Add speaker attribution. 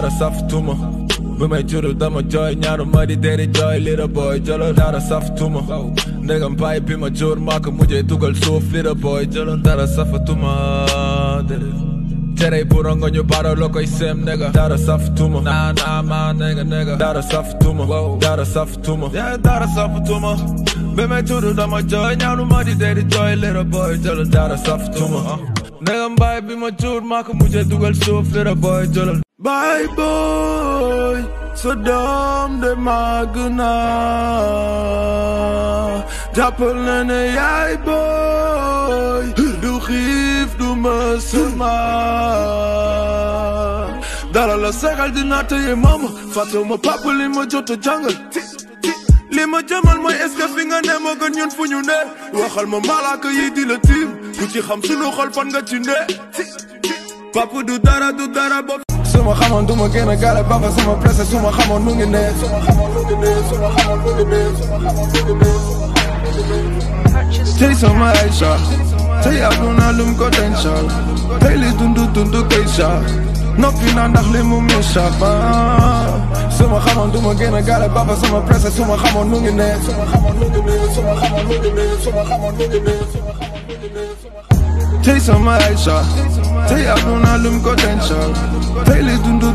Speaker 1: Not suffer too much 왜말 줄을 담아줘 있냐로 말이 대리져 Little boy 저런 따라 사프투마 내가 바이 비만 줄 만큼 무죄 두걸 수업 Little boy 저런 따라 사프투마 제레이 불안 건요 바로 놓고 있음 내가 따라 사프투마 나나마 내가 내가 따라 사프투마 따라 사프투마 yeah 따라 사프투마 왜말 줄을 담아줘 있냐로 말이 대리져 Little boy 저런 따라
Speaker 2: 사프투마 uh. nanga mbaay bi ma cuur maa ko mujjee dugal suuf lera booy jolal baay booy sa doom de màgg na jàppal na ne yaay booy du xiif du mësuma dara la segal dinaa tëye mama fàttewu ma papa li ma jot a jàngal li ma jëmal mooy est-ce que ne ma gën fu ñu ne waxal ma malaaka yi di la tiim Gucci Hamsulu Holpan Gatune Papu Dudara Dudara Bob Suma Hamon Duma Gena Gala Baba Suma Pressa Suma Hamon Mungine Suma Hamon Mungine Suma Hamon Mungine Suma Hamon Mungine Chase on my Aisha Tay Abuna Lum Potential Pele Dundu Dundu Keisha Nopina nach Limu Mishapa Suma Hamon Duma Gena Gala Baba Suma Pressa Suma Hamon Mungine
Speaker 3: Suma Hamon Mungine Suma Hamon Mungine Suma Hamon Mungine Suma Hamon Mungine
Speaker 2: Tag som er altså Det er nogen af dem går danser Pæle du